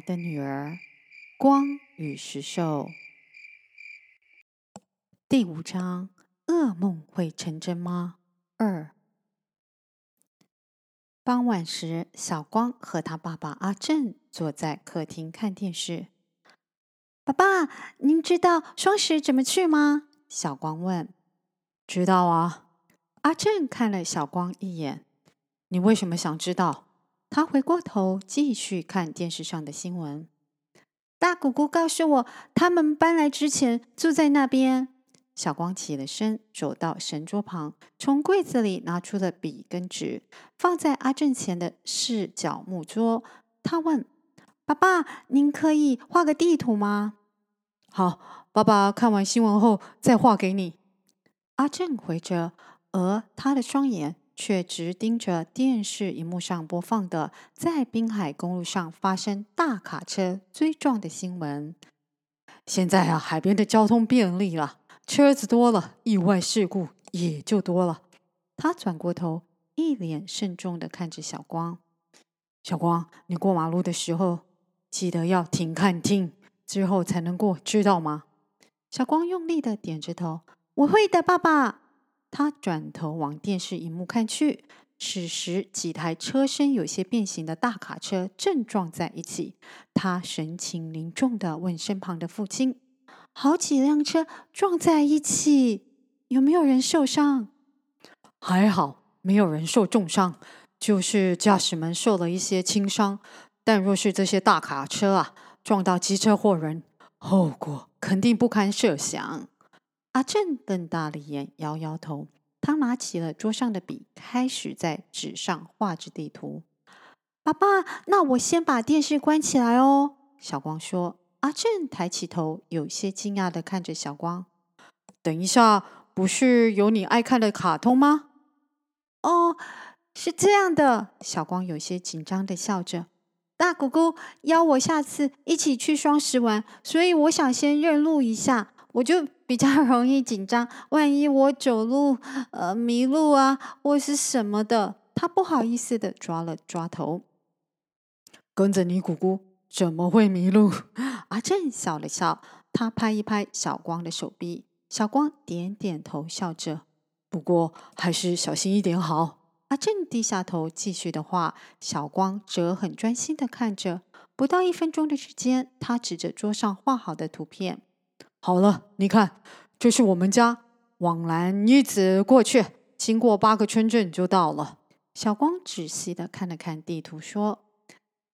的女兒。光與石獸。第五章：噩夢會成真嗎？二。傍晚時，小光和他爸爸阿正坐在客廳看電視。爸爸，您知道雙十怎麼去嗎？小光問。知道啊。阿正看了小光一眼。你為什麼想知道？他回過頭，繼續看電視上的新聞。大姑姑告訴我，他們搬來之前住在那邊。小光起了身，走到神桌旁，從櫃子裡拿出了筆跟紙，放在阿正前的四角木桌。他問：“爸爸，您可以畫個地圖嗎？”“好，爸爸看完新聞後再畫給你。”阿正回着，而他的雙眼。卻直盯着電視螢幕上播放的在濱海公路上發生大卡車追撞的新聞。現在啊，海邊的交通便利了，車子多了，意外事故也就多了。他轉過頭，一臉慎重的看着小光：“小光，你過馬路的時候，記得要停、看、聽，之後才能過，知道嗎？”小光用力的點着頭：“我會的，爸爸。”他轉頭往電視螢幕看去，此時幾台車身有些變形的大卡車正撞在一起。他神情凝重的問身旁的父親：“好幾輛車撞在一起，有沒有人受傷？”“還好，沒有人受重傷，就是駕駛們受了一些輕傷。但若是這些大卡車啊撞到機車或人，後果肯定不堪設想。”阿正瞪大了眼，搖搖頭。他拿起了桌上的筆，開始在紙上畫着地圖。爸爸，那我先把電視關起來哦。”小光說。阿正抬起頭，有些驚訝的看着小光：“等一下，不是有你愛看的卡通嗎？”“哦，是這樣的。”小光有些緊張的笑着。“大姑姑邀我下次一起去雙十玩，所以我想先認路一下，我就。”比較容易緊張，萬一我走路，呃，迷路啊，或是什麼的，他不好意思的抓了抓頭。跟着你姑姑，怎麼會迷路？阿正笑了笑，他拍一拍小光的手臂，小光點點頭，笑着。不過還是小心一點好。阿正低下頭繼續的畫，小光則很專心的看着。不到一分鐘的時間，他指着桌上畫好的圖片。好了，你看，這是我們家。往南一直過去，經過八個村鎮就到了。小光仔細的看了看地圖，說：“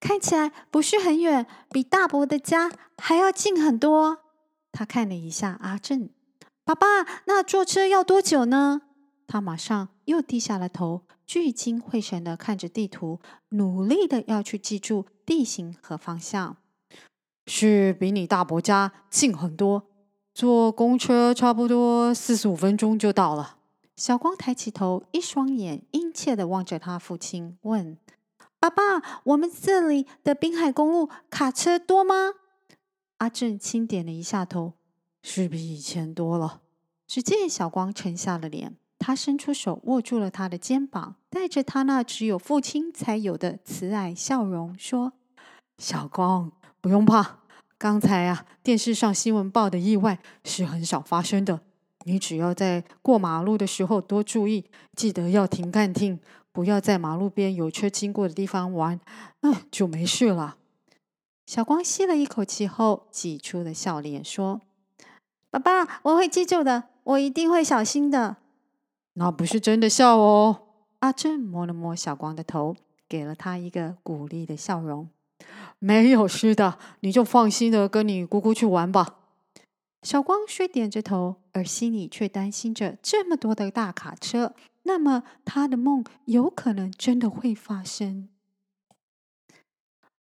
看起來不是很遠，比大伯的家還要近很多。”他看了一下阿正：“爸爸，那坐車要多久呢？”他馬上又低下了頭，聚精會神的看着地圖，努力的要去記住地形和方向。是比你大伯家近很多。坐公車差不多四十五分鐘就到了。小光抬起頭，一雙眼殷切的望着他父親，問：“爸爸，我們這裡的濱海公路卡車多嗎？”阿正輕點了一下頭：“是比以前多了。”只見小光沉下了臉，他伸出手握住了他的肩膀，帶着他那只有父親才有的慈愛笑容說：“小光，不用怕。”剛才啊，電視上新聞報的意外是很少發生的。你只要在過馬路的時候多注意，記得要停看聽，不要在馬路邊有車經過的地方玩，嗯，就沒事了。小光吸了一口氣後，擠出了笑臉說：“爸爸，我會記住的，我一定會小心的。”那不是真的笑哦。阿正摸了摸小光的頭，給了他一個鼓勵的笑容。沒有事的，你就放心的跟你姑姑去玩吧。小光雖點着頭，而心裡卻擔心着這麼多的大卡車，那麼她的夢有可能真的會發生。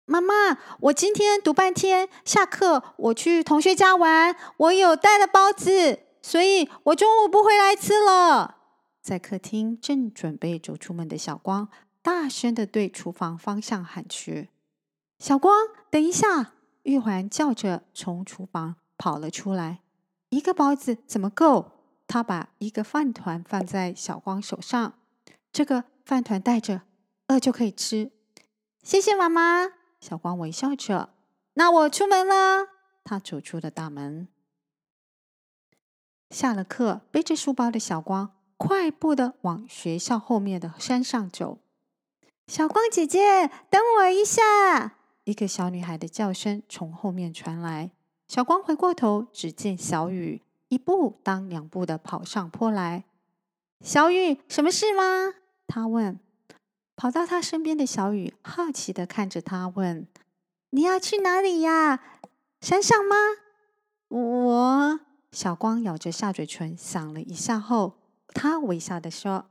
媽媽，我今天讀半天，下課我去同學家玩，我有帶了包子，所以我中午不回來吃了。在客廳正準備走出門的小光，大聲的對廚房方向喊去。小光，等一下！玉環叫着，從廚房跑了出來。一個包子怎麼夠？她把一個飯糰放在小光手上，這個飯糰帶着，餓就可以吃。謝謝媽媽。小光微笑着。那我出門了。她走出了大門。下了課，背着書包的小光快步的往學校後面的山上走。小光姐姐，等我一下。一個小女孩的叫聲從後面傳來，小光回過頭，只見小雨一步當兩步的跑上坡來。小雨，什麼事嗎？他問。跑到他身邊的小雨好奇的看着他問：“你要去哪裡呀？山上嗎？”我？小光咬着下嘴唇，想了一下後，他微笑的說：“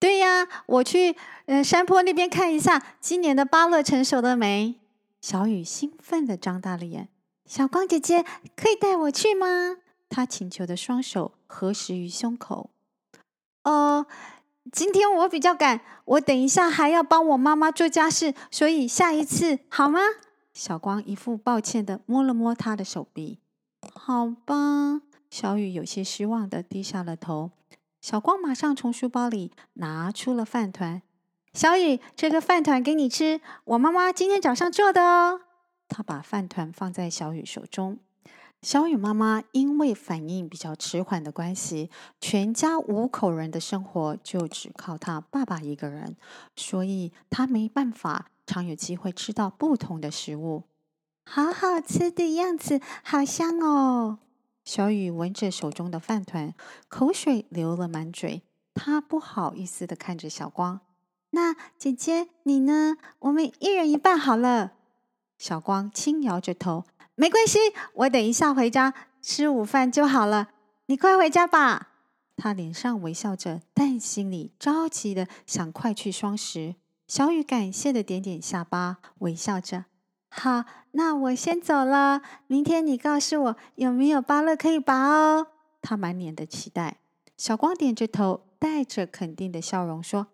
對呀，我去，嗯，山坡那邊看一下今年的芭樂成熟了沒。”小雨興奮地張大了眼：“小光姐姐，可以帶我去嗎？”她請求的雙手合十於胸口。呃“哦，今天我比較趕，我等一下還要幫我媽媽做家事，所以下一次好嗎？”小光一副抱歉地摸了摸她的手臂。“好吧。”小雨有些失望地低下了頭。小光馬上從書包裡拿出了飯團。小雨，這個飯糰給你吃，我媽媽今天早上做的哦。她把飯團放在小雨手中。小雨媽媽因為反應比較遲緩的關係，全家五口人的生活就只靠她爸爸一個人，所以她沒辦法常有機會吃到不同的食物。好好吃的樣子，好香哦！小雨聞着手中的飯糰，口水流了滿嘴。她不好意思的看着小光。那姐姐你呢？我們一人一半好了。小光輕搖着頭，沒關係，我等一下回家吃午飯就好了。你快回家吧。他臉上微笑着，但心裡着急的想快去雙十。小雨感謝的點點下巴，微笑着。好，那我先走了。明天你告訴我有沒有芭樂可以拔哦。他滿臉的期待。小光點着頭，帶着肯定的笑容說。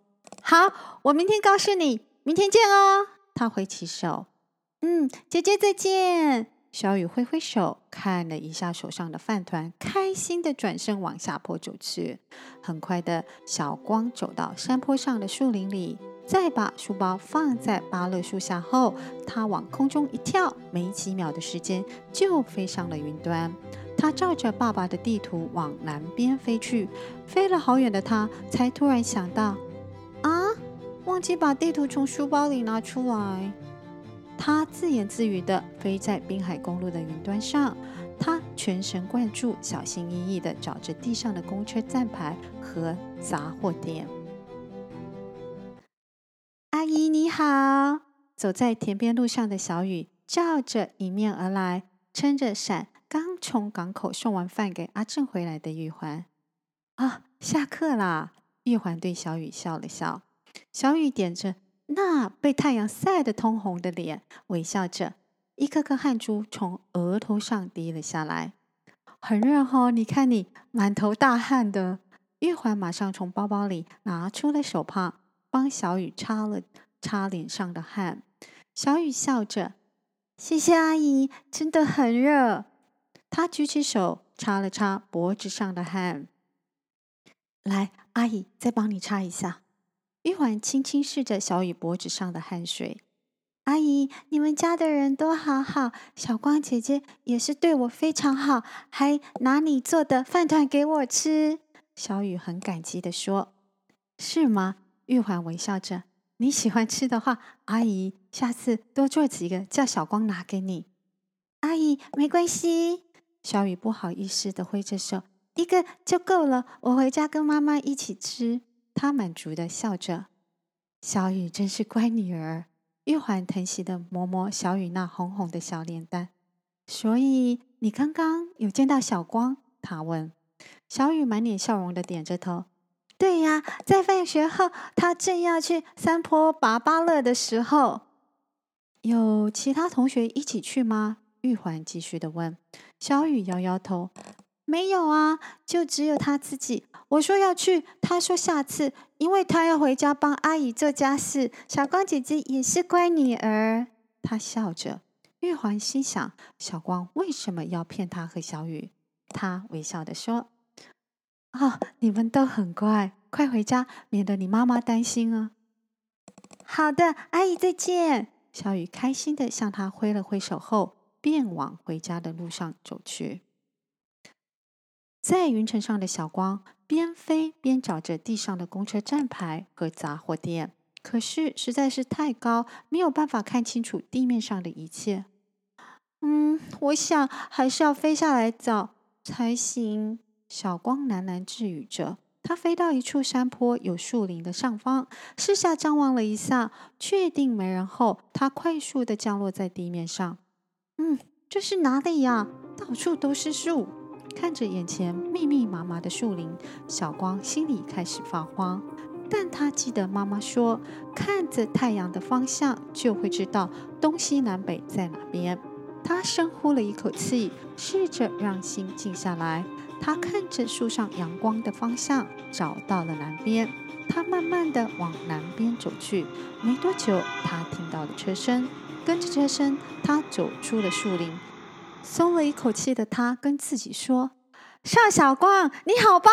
好，我明天告訴你，明天見哦。他揮起手，嗯，姐姐再見。小雨揮揮手，看了一下手上的飯糰，開心的轉身往下坡走去。很快的，小光走到山坡上的樹林裡，再把書包放在芭樂樹下後，他往空中一跳，沒幾秒的時間就飛上了雲端。他照着爸爸的地圖往南邊飛去，飛了好遠的他才突然想到。忘記把地圖從書包裡拿出來，他自言自語的飛在濱海公路的雲端上。他全神貫注，小心翼翼的找着地上的公車站牌和雜貨店。阿姨你好！走在田邊路上的小雨叫著迎面而來，撐着傘，剛從港口送完飯給阿正回來的玉環。啊，下課啦！玉環對小雨笑了笑。小雨點着那被太陽曬得通紅的臉，微笑着，一顆顆汗珠從額頭上滴了下來，很熱哦！你看你滿頭大汗的。玉環馬上從包包裡拿出了手帕，幫小雨擦了擦臉上的汗。小雨笑着：“謝謝阿姨，真的很熱。”她舉起手擦了擦脖子上的汗。來，阿姨，再幫你擦一下。玉環輕輕拭着小雨脖子上的汗水。阿姨，你們家的人都好好，小光姐姐也是對我非常好，還拿你做的飯糰給我吃。小雨很感激的說：“是嗎？”玉環微笑着：“你喜歡吃的話，阿姨下次多做幾個，叫小光拿給你。”阿姨，沒關係。小雨不好意思的揮着手：“一個就夠了，我回家跟媽媽一起吃。”他滿足的笑着，小雨真是乖女兒。玉環疼惜的摸摸小雨那紅紅的小臉蛋。所以你剛剛有見到小光？她問。小雨滿臉笑容的點着頭：“對呀，在放學後，他正要去山坡拔芭樂的時候，有其他同學一起去嗎？”玉環繼續的問。小雨搖搖頭。沒有啊，就只有他自己。我說要去，他說下次，因為他要回家幫阿姨做家事。小光姐姐也是乖女兒，他笑着。玉環心想：小光為什麼要騙他和小雨？他微笑的說：“啊、哦、你們都很乖，快回家，免得你媽媽擔心啊。”好的，阿姨再見。小雨開心的向他揮了揮手後，後便往回家的路上走去。在雲層上的小光邊飛邊找着地上的公車站牌和雜貨店，可是實在是太高，沒有辦法看清楚地面上的一切。嗯，我想還是要飛下來找才行。小光喃喃自語着，她飛到一處山坡有樹林的上方，四下張望了一下，確定沒人後，她快速的降落在地面上。嗯，這是哪裡呀？到處都是樹。看着眼前密密麻麻的樹林，小光心裡開始發慌。但他記得媽媽說，看着太陽的方向就會知道東西南北在哪邊。他深呼了一口氣，試着讓心靜下來。他看着樹上陽光的方向，找到了南邊。他慢慢的往南邊走去。沒多久，他聽到了車聲，跟着車聲，他走出了樹林。鬆了一口氣的他跟自己說：“邵小光，你好棒，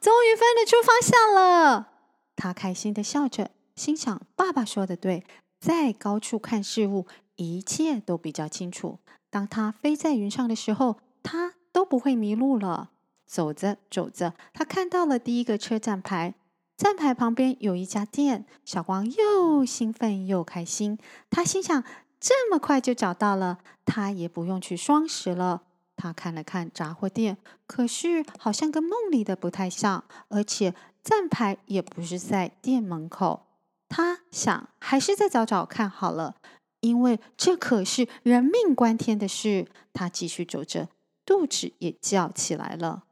終於分得出方向了。”他開心的笑着，心想：“爸爸說的對，在高處看事物，一切都比較清楚。當他飛在雲上的時候，他都不會迷路了。”走着走着，他看到了第一個車站牌，站牌旁邊有一家店。小光又興奮又開心，他心想。這麼快就找到了，他也不用去雙十了。他看了看雜貨店，可是好像跟夢裡的不太像，而且站牌也不是在店門口。他想，還是再找找看好了，因為這可是人命關天的事。他繼續走着，肚子也叫起來了，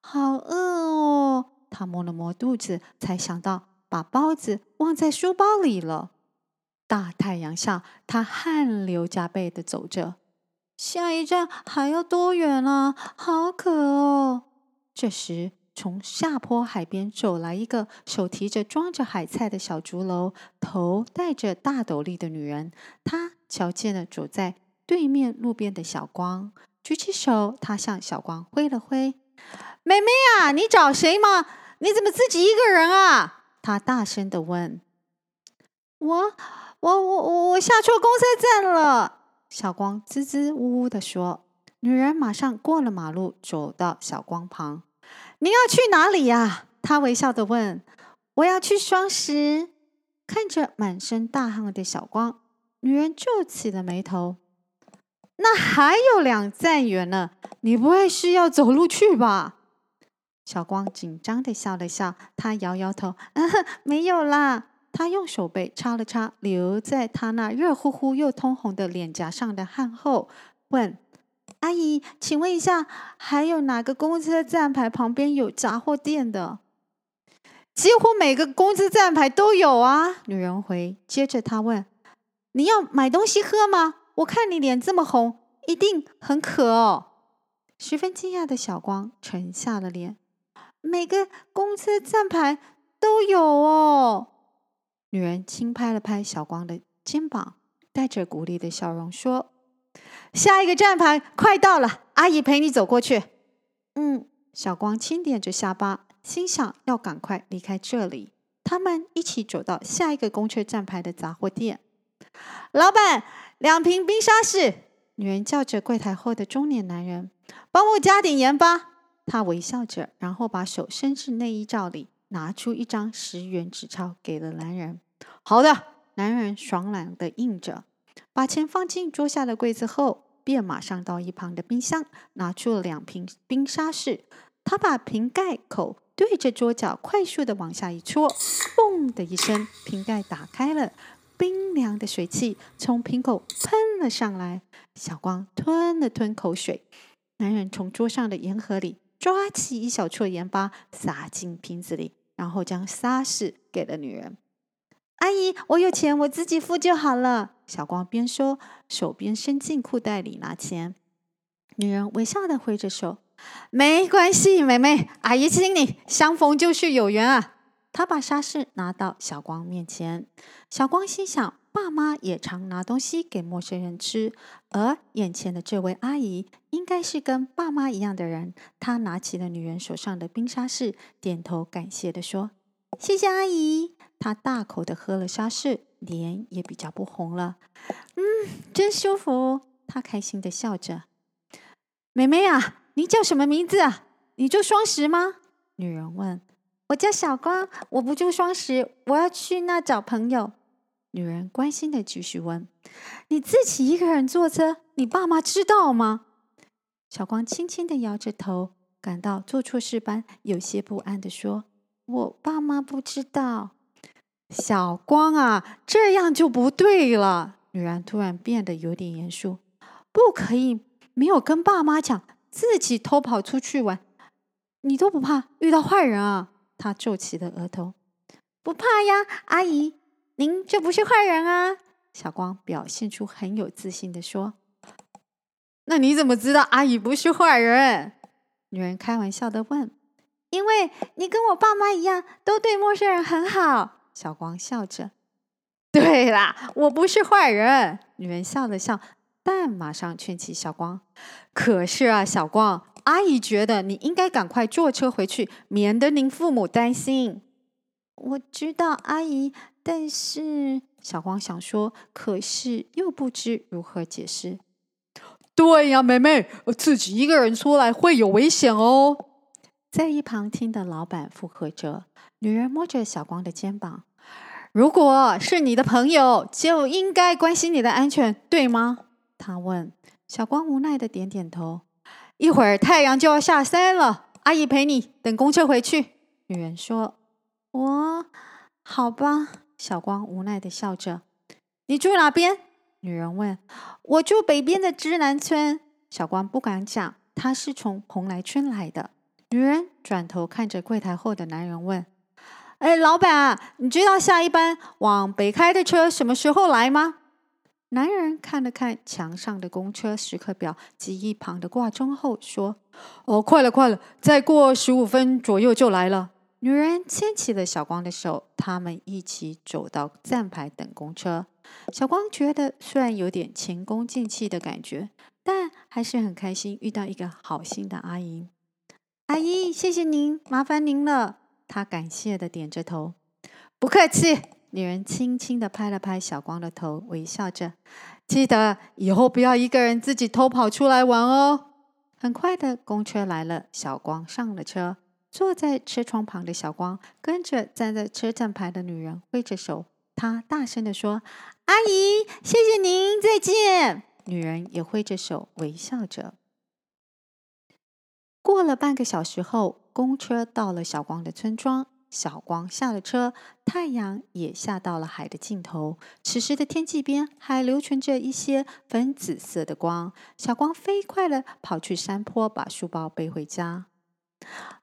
好餓哦。他摸了摸肚子，才想到把包子忘在書包裡了。大太陽下，他汗流浹背的走着。下一站還要多遠啊？好渴哦！這時，從下坡海邊走來一個手提着裝着海菜的小竹簍、頭戴着大斗笠的女人。她瞧見了走在對面路邊的小光，舉起手，她向小光揮了揮：“妹妹啊，你找誰嗎？你怎麼自己一個人啊？”她大聲的問：“我。”我我我我下錯公車站了，小光支支吾吾的說。女人馬上過了馬路，走到小光旁：“你要去哪裡呀？”她微笑的問。“我要去雙十。”看着滿身大汗的小光，女人皺起了眉頭：“那還有兩站遠呢，你不會是要走路去吧？”小光緊張的笑了笑，他搖搖頭、嗯哼：“沒有啦。”他用手背擦了擦留在他那熱乎乎又通紅的臉頰上的汗後，問：“阿姨，請問一下，還有哪個公車站牌旁邊有雜貨店的？”“幾乎每個公車站牌都有啊。”女人回。接着她問：“你要買東西喝嗎？我看你臉這麼紅，一定很渴哦。”十分驚訝的小光沉下了臉：“每個公車站牌都有哦。”女人輕拍了拍小光的肩膀，帶着鼓勵的笑容說：“下一個站牌快到了，阿姨陪你走過去。”嗯，小光輕點着下巴，心想要趕快離開這裡。他們一起走到下一個公車站牌的雜貨店。老板，兩瓶冰沙士。女人叫着櫃檯後的中年男人，幫我加點鹽巴。她微笑着，然後把手伸至內衣罩裡，拿出一張十元紙鈔給了男人。好的，男人爽朗的應着，把錢放進桌下的櫃子後，便馬上到一旁的冰箱拿出了兩瓶冰沙士。他把瓶蓋口對着桌角，快速的往下一戳，嘣的一聲，瓶蓋打開了，冰涼的水汽從瓶口噴了上來。小光吞了吞口水。男人從桌上的鹽盒裡抓起一小撮鹽巴，撒進瓶子裡，然後將沙士給了女人。阿姨，我有錢，我自己付就好了。小光邊說，手邊伸進褲袋裡拿錢。女人微笑的揮着手：“沒關係，妹妹，阿姨請你，相逢就是有緣啊。”她把沙士拿到小光面前。小光心想：爸媽也常拿東西給陌生人吃，而眼前的這位阿姨應該是跟爸媽一樣的人。她拿起了女人手上的冰沙士，點頭感謝的說：“謝謝阿姨。”他大口的喝了沙士，臉也比較不紅了。嗯，真舒服哦。他開心的笑着。妹妹啊，你叫什麼名字啊？你住雙十嗎？女人問。我叫小光，我不住雙十，我要去那找朋友。女人關心的繼續問：你自己一個人坐車，你爸媽知道嗎？小光輕輕的搖着頭，感到做錯事般，有些不安的說：我爸媽不知道。小光啊，這樣就不對了。女人突然變得有點嚴肅，不可以沒有跟爸媽講，自己偷跑出去玩，你都不怕遇到壞人啊？他皺起了額頭，不怕呀，阿姨，您這不是壞人啊？小光表現出很有自信的說。那你怎麼知道阿姨不是壞人？女人開玩笑的問，因為你跟我爸媽一樣，都對陌生人很好。小光笑着：“對啦，我不是壞人。”女人笑了笑，但馬上勸起小光：“可是啊，小光，阿姨覺得你應該趕快坐車回去，免得您父母擔心。”我知道阿姨，但是小光想說，可是又不知如何解釋。對呀，妹妹，我自己一個人出來會有危險哦。在一旁聽的老闆附和着。女人摸着小光的肩膀：“如果是你的朋友，就應該關心你的安全，對嗎？”她問。小光無奈的點點頭。“一會兒太陽就要下山了，阿姨陪你等公車回去。”女人說。“哦，我……好吧。”小光無奈的笑着。“你住哪邊？”女人問。“我住北邊的芝南村。”小光不敢講，他是從蓬萊村來的。女人轉頭看着櫃檯後的男人問：“哎，老闆啊，你知道下一班往北開的車什麼時候來嗎？”男人看了看牆上的公車時刻表及一旁的掛鐘後說：“哦，快了，快了，再過十五分左右就來了。”女人牽起了小光的手，他們一起走到站牌等公車。小光覺得雖然有點前功盡棄的感覺，但還是很開心遇到一個好心的阿姨。阿姨，謝謝您，麻煩您了。她感謝的點着頭，不客氣。女人輕輕的拍了拍小光的頭，微笑着，記得以後不要一個人自己偷跑出來玩哦。很快的，公車來了，小光上了車，坐在車窗旁的小光跟着站在車站牌的女人揮着手，她大聲的說：“阿姨，謝謝您，再見。”女人也揮着手，微笑着。過了半個小時後，公車到了小光的村莊。小光下了車，太陽也下到了海的盡頭。此時的天際邊還留存着一些粉紫色的光。小光飛快的跑去山坡，把書包背回家。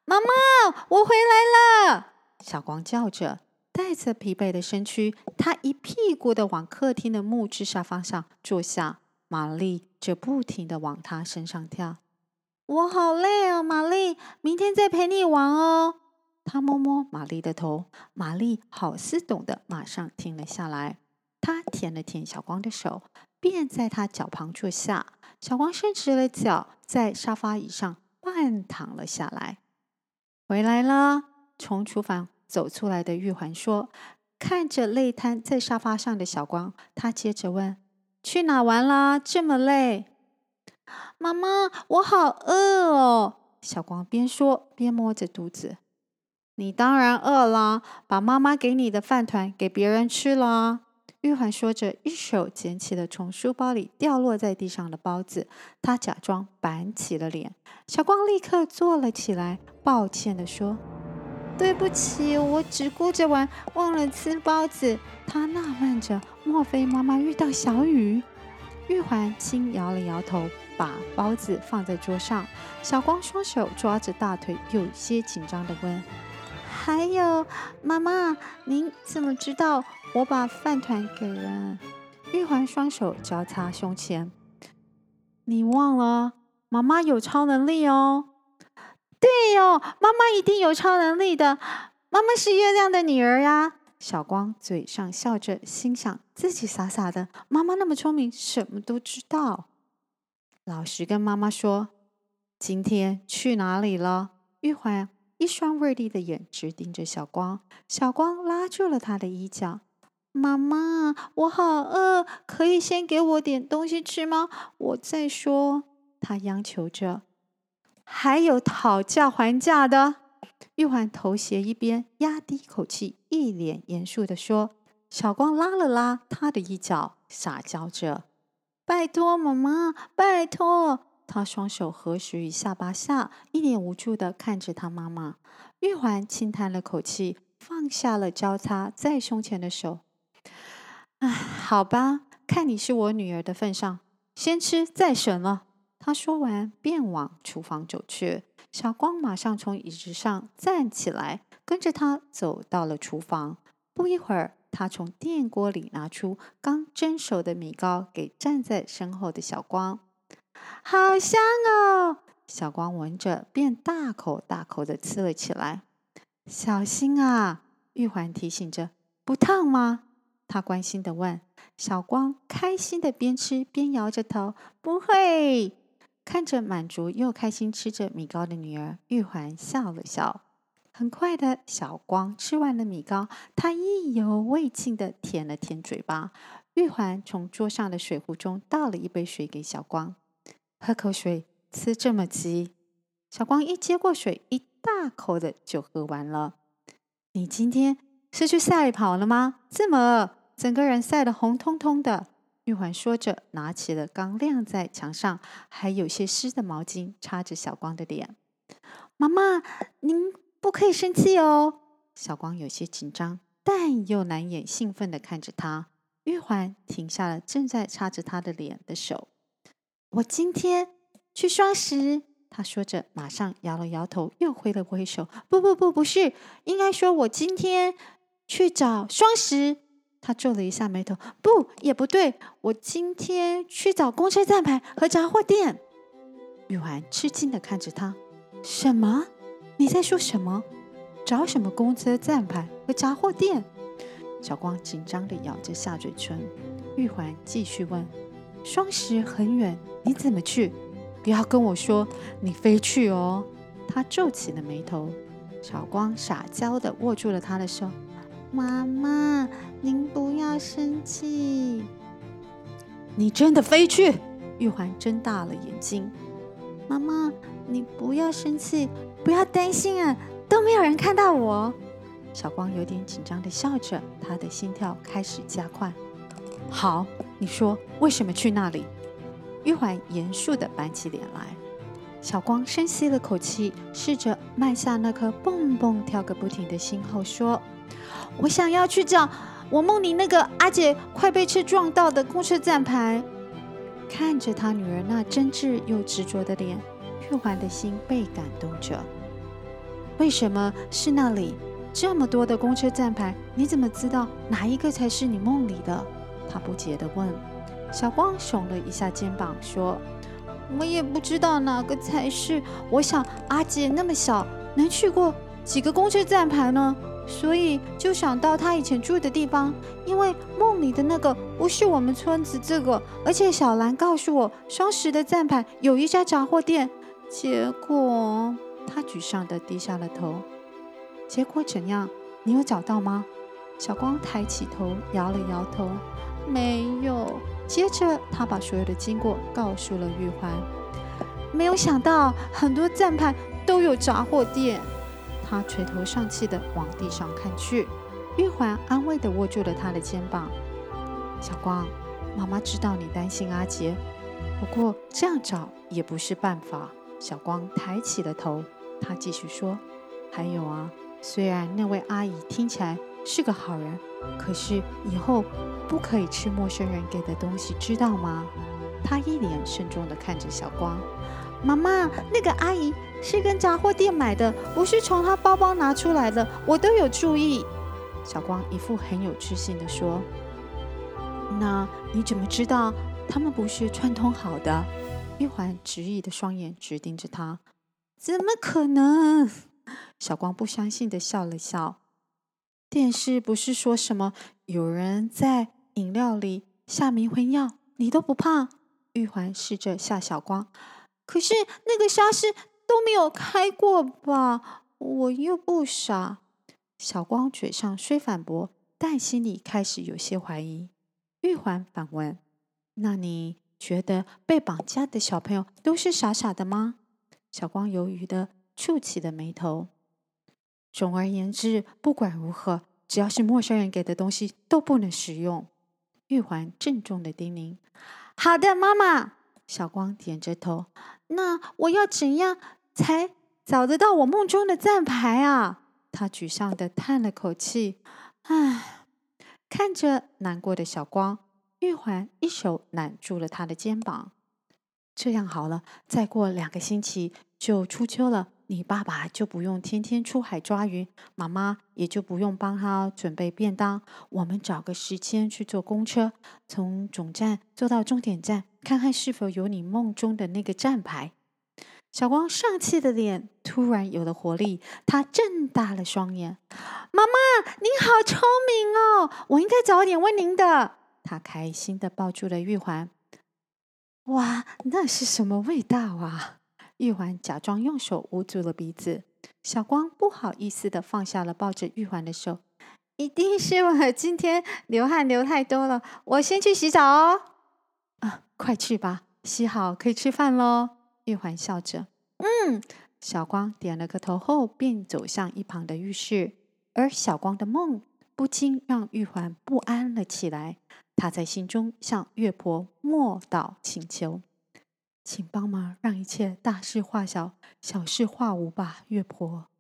媽媽，我回來了！小光叫着，帶着疲憊的身軀，她一屁股的往客廳的木質沙發上坐下，瑪麗就不停的往她身上跳。我好累哦、啊，瑪麗，明天再陪你玩哦。他摸摸瑪麗的頭，瑪麗好似懂得，馬上停了下來。他舔了舔小光的手，便在他腳旁坐下。小光伸直了腳，在沙發椅上半躺了下來。回來啦，從廚房走出來的玉環說，看着累癱在沙發上的小光，他接着問：“去哪玩啦？這麼累？”媽媽，我好餓哦！小光邊說邊摸着肚子。你當然餓了，把媽媽給你的飯糰給別人吃了。玉環說着，一手撿起了從書包裡掉落在地上的包子，她假裝板起了臉。小光立刻坐了起來，抱歉地說：“對不起，我只顧着玩，忘了吃包子。”他納悶着，莫非媽媽遇到小雨？玉環輕搖了搖頭。把包子放在桌上，小光雙手抓着大腿，有些緊張的問：“還有，媽媽，您怎麼知道我把飯糰給了？”玉環雙手交叉胸前：“你忘了，媽媽有超能力哦。”“對哦，媽媽一定有超能力的，媽媽是月亮的女兒呀。”小光嘴上笑着，心想自己傻傻的，媽媽那麼聰明，什麼都知道。老實跟媽媽說，今天去哪裡了？玉環一雙銳利的眼直盯着小光，小光拉住了他的衣角：“媽媽，我好餓，可以先給我點東西吃嗎？我再說。”他央求着，還有討價還價的。玉環頭斜一邊，壓低口氣，一臉嚴肅地說：“小光拉了拉他的衣角，撒嬌着。”拜託，媽媽！拜託！她雙手合十於下巴下，一臉無助的看着她媽媽。玉環輕嘆了口氣，放下了交叉在胸前的手。唉，好吧，看你是我女兒的份上，先吃再審了。她說完便往廚房走去。小光馬上從椅子上站起來，跟着她走到了廚房。不一會兒。他從電鍋裡拿出剛蒸熟的米糕，給站在身後的小光。好香哦！小光聞着便大口大口的吃了起來。小心啊！玉環提醒着。不燙嗎？他關心的問。小光開心的邊吃邊搖着頭。不會。看着滿足又開心吃着米糕的女兒，玉環笑了笑。很快的，小光吃完了米糕，他意猶未盡的舔了舔嘴巴。玉環從桌上的水壺中倒了一杯水給小光，喝口水，吃這麼急。小光一接過水，一大口的就喝完了。你今天是去賽跑了嗎？這麼餓，整個人曬得紅彤彤的。玉環說着，拿起了剛晾在牆上還有些濕的毛巾，擦着小光的臉。媽媽，您。不可以生氣哦。小光有些緊張，但又難掩興奮的看着他。玉環停下了正在擦着他的臉的手。我今天去雙十，他說着，馬上搖了搖頭，又揮了揮手。不不不，不是，應該說我今天去找雙十。他皺了一下眉頭，不，也不對，我今天去找公車站牌和雜貨店。玉環吃驚的看着他，什麼？你在說什麼？找什麼公車站牌和雜貨店？小光緊張地咬着下嘴唇。玉環繼續問：“雙十很遠，你怎麼去？”不要跟我說你飛去哦。她皺起了眉頭。小光撒嬌地握住了她的手：“媽媽，您不要生氣。你真的飛去？”玉環睜大了眼睛：“媽媽，你不要生氣。”不要擔心啊，都沒有人看到我。小光有點緊張的笑着，他的心跳開始加快。好，你說為什麼去那裡？玉環嚴肅的板起臉來。小光深吸了口氣，試着慢下那顆蹦蹦跳個不停的心後說：“我想要去找我夢裡那個阿姐，快被車撞到的公車站牌。”看着他女兒那真摯又執着的臉。秀環的心被感動着。為什麼是那裡？這麼多的公車站牌，你怎麼知道哪一個才是你夢裡的？他不解地問。小光聳了一下肩膀，說：“我也不知道哪個才是。我想阿姐那麼小，能去過幾個公車站牌呢？所以就想到她以前住的地方。因為夢裡的那個不是我們村子這個，而且小蘭告訴我，雙十的站牌有一家雜貨店。”結果他沮喪的低下了頭。結果怎樣？你有找到嗎？小光抬起頭，搖了搖頭，沒有。接着，他把所有的經過告訴了玉環。沒有想到，很多站牌都有雜貨店。他垂頭喪氣的往地上看去。玉環安慰的握住了他的肩膀。小光，媽媽知道你擔心阿杰，不過這樣找也不是辦法。小光抬起了頭，他繼續說：“還有啊，雖然那位阿姨聽起來是個好人，可是以後不可以吃陌生人給的東西，知道嗎？”他一臉慎重地看着小光。“媽媽，那個阿姨是跟雜貨店買的，不是從她包包拿出來的，我都有注意。”小光一副很有自信地說：“那你怎麼知道他們不是串通好的？”玉環質疑的雙眼直盯着他。怎麼可能？小光不相信的笑了笑。電視不是說什麼有人在飲料裡下迷魂藥，你都不怕？玉環試着嚇小光。可是那個沙士都沒有開過吧？我又不傻。小光嘴上雖反駁，但心裡開始有些懷疑。玉環反問：“那你？”覺得被綁架的小朋友都是傻傻的嗎？小光猶豫的蹙起了眉頭。總而言之，不管如何，只要是陌生人給的東西都不能使用。玉環鄭重的叮嚀：“好的，媽媽。”小光點着頭。那我要怎樣才找得到我夢中的站牌啊？她沮喪的嘆了口氣。唉，看着難過的小光。玉環一手攬住了他的肩膀。這樣好了，再過兩個星期就初秋了，你爸爸就不用天天出海抓魚，媽媽也就不用幫他準備便當。我們找個時間去坐公車，從總站坐到終點站，看看是否有你夢中的那個站牌。小光喪氣的臉突然有了活力，他睜大了雙眼：“媽媽，你好聰明哦！我應該早點問您的。”他開心地抱住了玉環，哇，那是什麼味道啊？玉環假裝用手捂住了鼻子。小光不好意思地放下了抱着玉環的手，一定是我今天流汗流太多了，我先去洗澡哦。啊，快去吧，洗好可以吃飯嘍。玉環笑着，嗯。小光點了個頭後便走向一旁的浴室，而小光的夢不禁讓玉環不安了起來。他在心中向月婆默禱請求，請幫忙讓一切大事化小，小事化無吧，月婆。